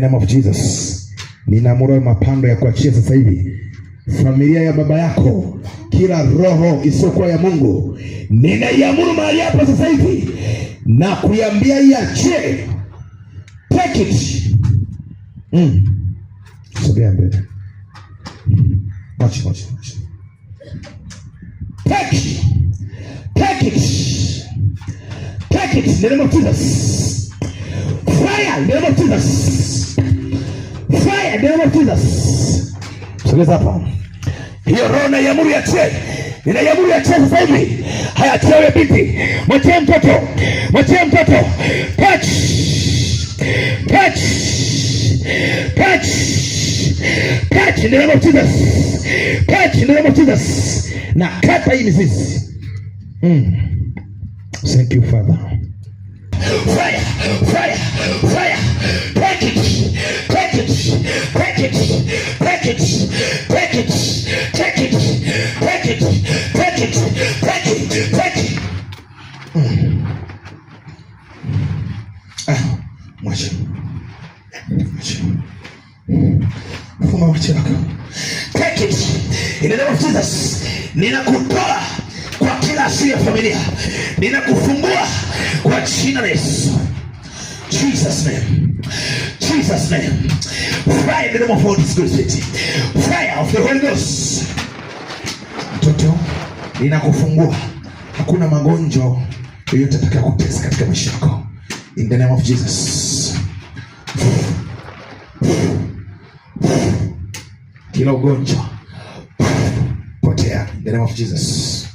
the name of Jesus. Ninaamuru mapando ya kuachia sasa hivi familia ya baba yako, kila roho isiyokuwa ya Mungu ninaiamuru mahali hapa sasa hivi na kuiambia iache. Take it. Mm. Sogea mbele. Watch, watch, watch. Take it. Take it. Take it. In the name Jesus. Fire. In the name Jesus. Fire the name of Jesus. Msogeza hapa. Hiyo roho na yamuru ya chee. Nina yamuru ya chee sasa hivi. Haya chee binti. Mwachie mtoto. Mwachie mtoto. Touch. Touch. Touch. Touch in the name of Jesus. Touch in the name of Jesus. Na kata hii mizizi. Mm. Thank you Father. Fire, fire, fire. Take it. Jesus' name. Jesus' name. Fire in the name of Holy Spirit. Fire of the Holy Ghost. Mtoto, ninakufungua. Hakuna magonjwa yoyote atakayo kutesa katika maisha yako. In the name of Jesus. Kila ugonjwa potea. In the name of Jesus.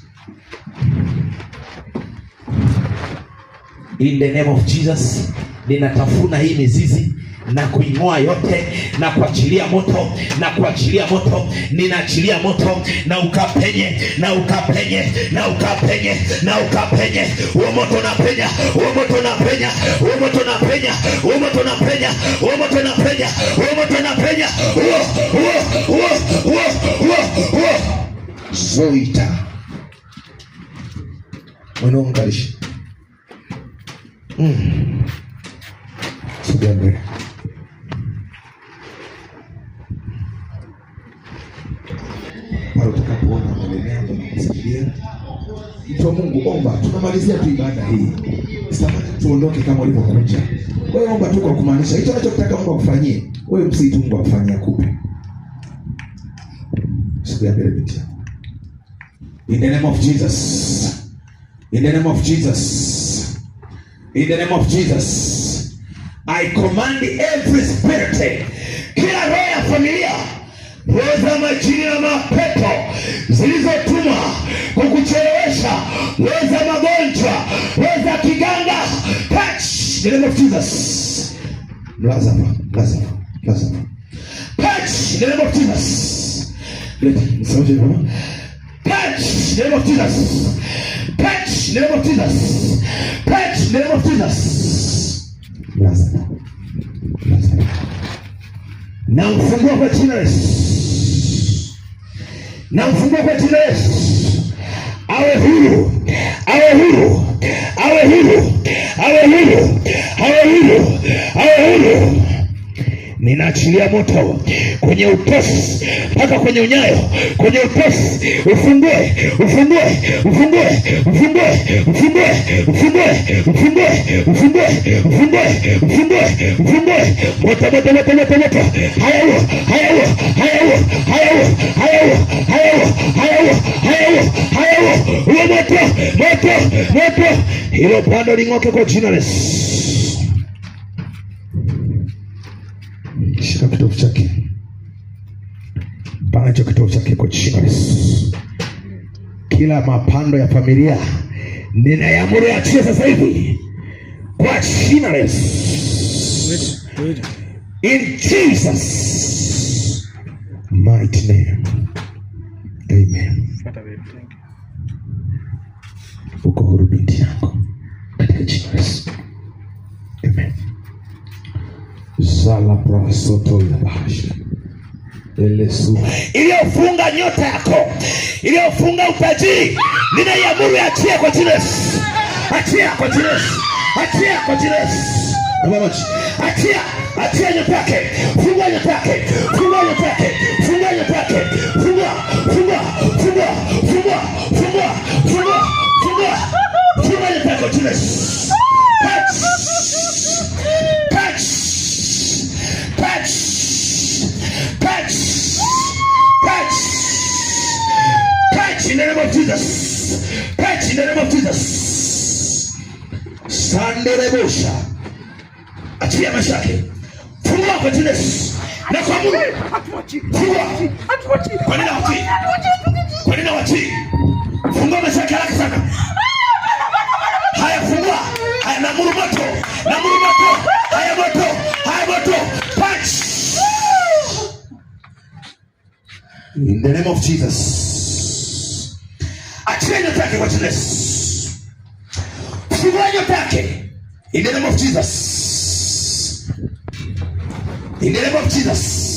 In the name of Jesus ninatafuna hii mizizi na kuing'oa yote na kuachilia moto na kuachilia moto, ninaachilia moto na ukapenye na ukapenye na ukapenye na ukapenye. Huo moto unapenya, huo moto unapenya, huo moto unapenya, huo moto unapenya, huo moto unapenya, huo moto unapenya, huo huo huo huo huo zoita mwenongarisha mm together. mbele. Unataka yako Mtu wa Mungu, omba, tunamalizia tu ibada hii. tuondoke kama ulivyokuja. Wewe omba tu kwa kumaanisha hicho anachotaka Mungu akufanyie. Wewe Mungu akufanyia kupe. mbele In the name of Jesus. In the name of Jesus. In the name of Jesus. I command every spirit, kila roho ya familia, roho za majini na mapepo zilizotumwa kukuchelewesha, roho za magonjwa, roho za kiganga, touch the name of Jesus. Lazarus, Lazarus, Lazarus, touch the name of Jesus. Let me sound you. Touch the name of Jesus. Touch the name of Jesus. Touch the name of Jesus na sadaka na sadaka na ufungua kwa jina Yesu, na ufungua kwa jina Yesu. Awe huru, awe huru, awe huru, awe huru, awe huru ninaachilia moto kwenye utosi mpaka kwenye unyayo, kwenye utosi, ufungue, ufungue, ufungue, ufungue, ufungue, ufungue, ufungue, ufungue, ufungue, ufungue, ufungue, moto, moto, moto, moto, moto, hayawo hayawo hayawo hayawo hayawo hayawo hayawo hayawo hayawo huo, moto, moto, moto, hilo pando ling'oke kwa jina la Yesu. katika kitovu chake, baraja kitovu chake kwa jina la Yesu. Kila mapando ya familia ninayaamuru yaachie sasa hivi kwa jina la Yesu, in Jesus mighty name, amen. Uko huru binti E e iliyofunga nyota yako, iliyofunga utajiri, ninaiamuru achia kwa jina achia kwa jina achia kwa jina achia, achia nyota yake, fungua nyota yake, fungua nyota yake, fungua nyota yake Kwa nini watii? Fungua mashaka yake sana. Haya, fungua. Haya, namuru moto. Namuru moto. Haya, moto. Haya, moto. Punch. In the name of Jesus. Achilia nyota yake kwa jina Yesu. Fungua nyota yake. In the name of Jesus. In the name of Jesus.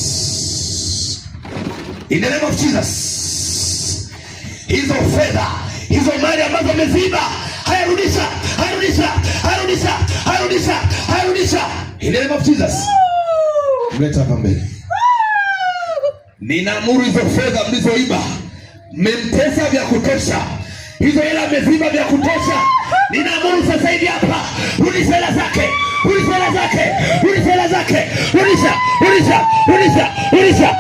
In the name of Jesus. Hizo fedha, hizo mali ambazo ameziba, hayarudisha, hayarudisha, hayarudisha, hayarudisha, hayarudisha. In the name of Jesus. Mleta hapa mbele. Ninaamuru hizo fedha mlizoiba, mmempesa vya kutosha. Hizo hela ameziba vya kutosha. Ninaamuru sasa hivi hapa, rudisha hela zake. Rudisha hela zake. Rudisha hela zake. Rudisha, rudisha, rudisha, rudisha.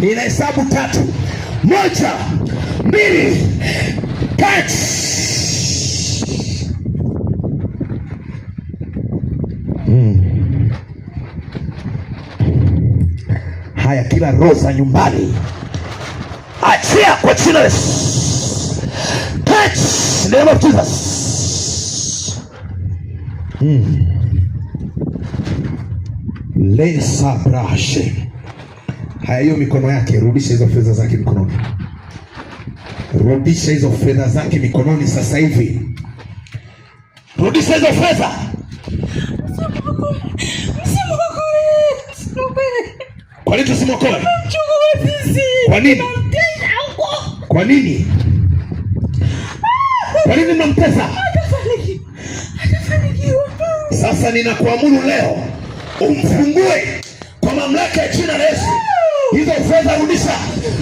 nina hesabu tatu: moja, mbili, tatu. Mm. Haya, kila roho za nyumbani achia kwa jina la Yesu. Touch the name Jesus. Mm. Lesa brashe Haya, hiyo mikono yake, rudisha hizo fedha zake mikononi, rudisha hizo fedha zake mikononi sasa hivi, rudisha hizo fedha kwa nini tusimokoe Kwa nini? Kwa nini? Kwa nini mnamtesa? Sasa ninakuamuru leo umfungue Rudisha,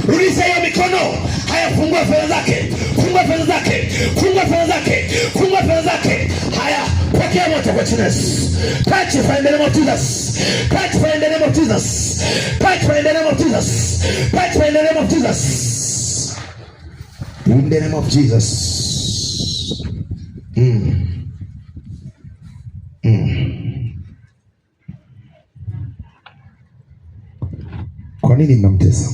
rudisha hiyo mikono. Haya, fungua fedha zake, fungua fedha zake, fungua fedha zake, fungua fedha zake. Haya, pokea moto kwa jina Yesu. Touch by the name of Jesus. Touch by the name of Jesus. Touch by the name of Jesus. Touch by the name of Jesus. In the name of Jesus. Mm. mm. Kwa nini mnamtesa?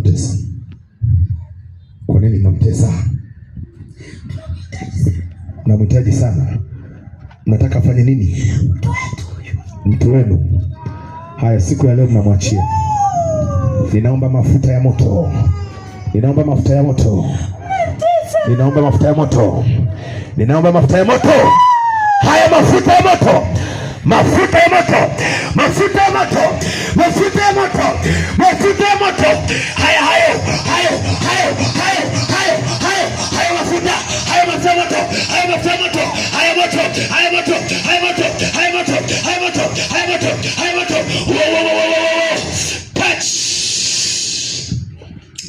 namtesa? Kwa nini namtesa? Namhitaji sana. Mnataka afanye nini? Mtu wenu. Haya, siku ya leo mnamwachia. Ninaomba mafuta ya moto, ninaomba mafuta ya moto, ninaomba mafuta ya moto, ninaomba mafuta ya moto, haya mafuta ya moto Mafuta ya moto, mafuta ya moto, mafuta ya moto, mafuta ya moto. Haya, hayo hayo hayo hayo hayo hayo hayo mafuta, hayo mafuta ya moto, hayo mafuta ya moto, hayo moto, hayo moto, hayo moto, hayo moto, hayo moto, hayo moto, hayo moto. hayo Wo wo wo wo wo. Touch.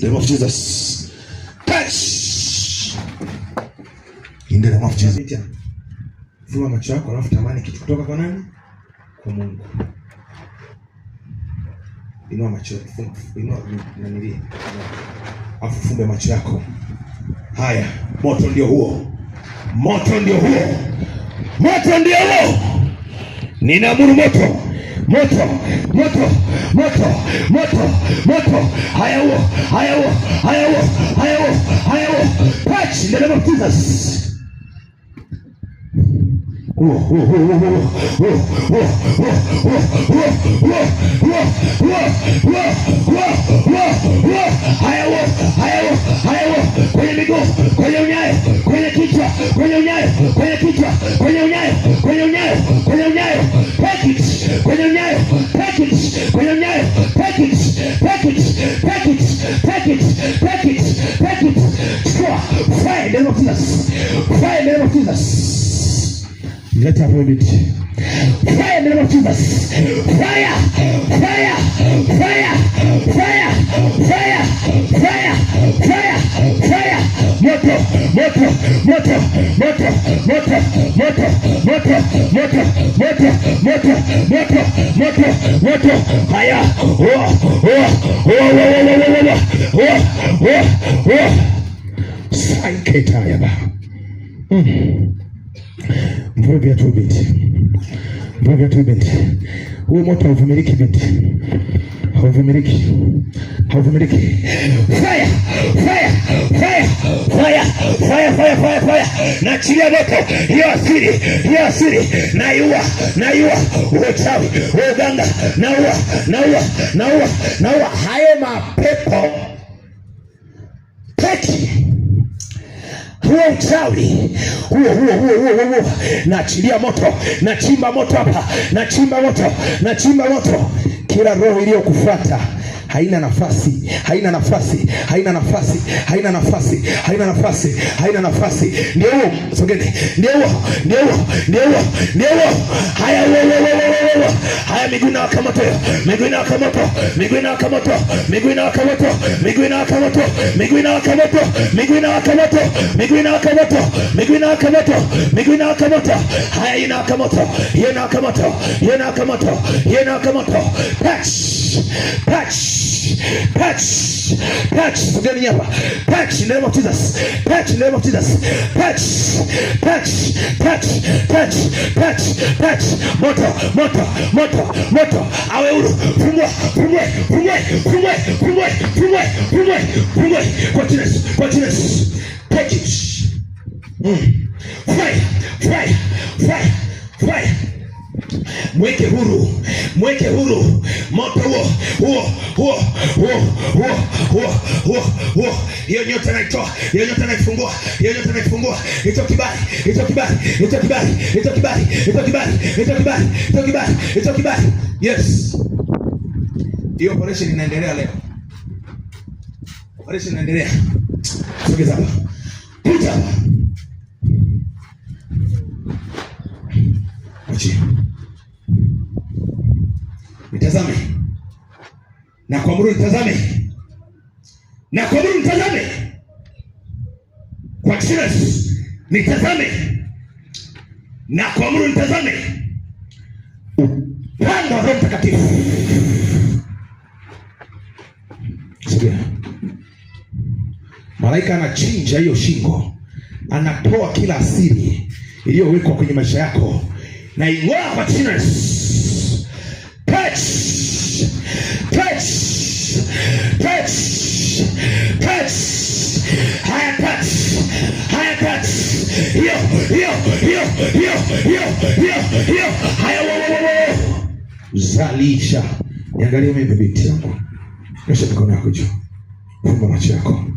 The name of Jesus. Touch. In the name of Jesus. Fumba macho yako alafu tamani kitu kutoka kwa nani? Kwa Mungu. Inua macho yako. Inua nani? Alafu fumbe macho yako. Haya, moto ndio huo. Moto ndio huo. Moto ndio huo. Ninaamuru moto. Moto, moto, moto, moto, moto. Haya huo, haya huo, haya huo, haya huo, haya huo. Touch in the name of Jesus. Haya wo, haya wo, haya wo, kwenye miguu, kwenye unyayo, kwenye kichwa, kwenye unyayo, kwenye kichwa, kwenye unyayo, kwenye unyayo, kwenye unyayo, take it. Get upon it. Fire, name of Jesus. Fire, fire, fire, fire, fire, fire, fire, fire. Moto, moto, moto, moto, moto, moto, moto, moto, moto, moto, moto, moto, moto. Fire. Oh, oh, oh, oh, oh, oh, oh, oh, oh, oh. Saiketa yaba. Mm. Mvuruge tu binti, mvuruge tu binti. Huyu moto hauvumiliki binti, hauvumiliki, hauvumiliki. Fire, fire, fire, fire, fire, fire, fire, fire! Na Naachilia moto hiyo asiri, hiyo asiri, na asili, na naiua uwe chawi, uwe na uwa, na uwa, na uwa, na uwa, hayo mapepo huo uchawi huo huo huo huo huo, naachilia moto, nachimba moto hapa, nachimba moto, nachimba moto, kila roho iliyokufuata haina nafasi, haina nafasi, haina nafasi, haina nafasi, haina nafasi, haina nafasi. Ndio sogeni. Ndio ndio ndio ndio huo. Haya, wewe wewe wewe, haya, miguu na wakamoto, miguu na wakamoto, miguu na wakamoto, miguu na wakamoto, miguu na wakamoto, miguu na wakamoto, miguu na wakamoto, miguu na wakamoto, miguu na wakamoto, miguu na wakamoto. Haya, ina wakamoto, ina wakamoto, ina wakamoto, ina wakamoto. Touch, touch Catch, catch, catch. Mgeni hapa, catch in the name of Jesus, catch in the name of Jesus, catch, catch, catch, catch, catch, catch. Moto, moto, moto, moto. Awe uru, fumwe, fumwe, fumwe, fumwe, fumwe, fumwe, fumwe, fumwe. Continuous, continuous. Catch it. Mm. Fire, fire, fire, fire. Mweke huru, mweke huru moto huo huo huo huo huo huo huo huo. Hiyo nyota naitoa, hiyo nyota naifungua, hiyo nyota naifungua. Ito kibali, ito kibali, ito kibali, ito kibali, ito kibali, ito kibali, ito kibali, ito kibali. Yes, hiyo operation inaendelea leo, operation inaendelea. Sogeza hapa, pita hapa, achia nitazame, na kuamuru nitazame, na kuamuru nitazame, kwa jina nitazame, na kuamuru nitazame, upanga wa Roho Mtakatifu malaika anachinja hiyo shingo, anatoa kila asili iliyowekwa kwenye maisha yako na ing'oa kwa jina Press. Press. Press. Press. Higher press. Higher press. Hiyo, hiyo, hiyo, hiyo, hiyo, hiyo, hiyo. Zalisha. Niangalie mimi Nyosha mikono yako juu. Fumba macho yako.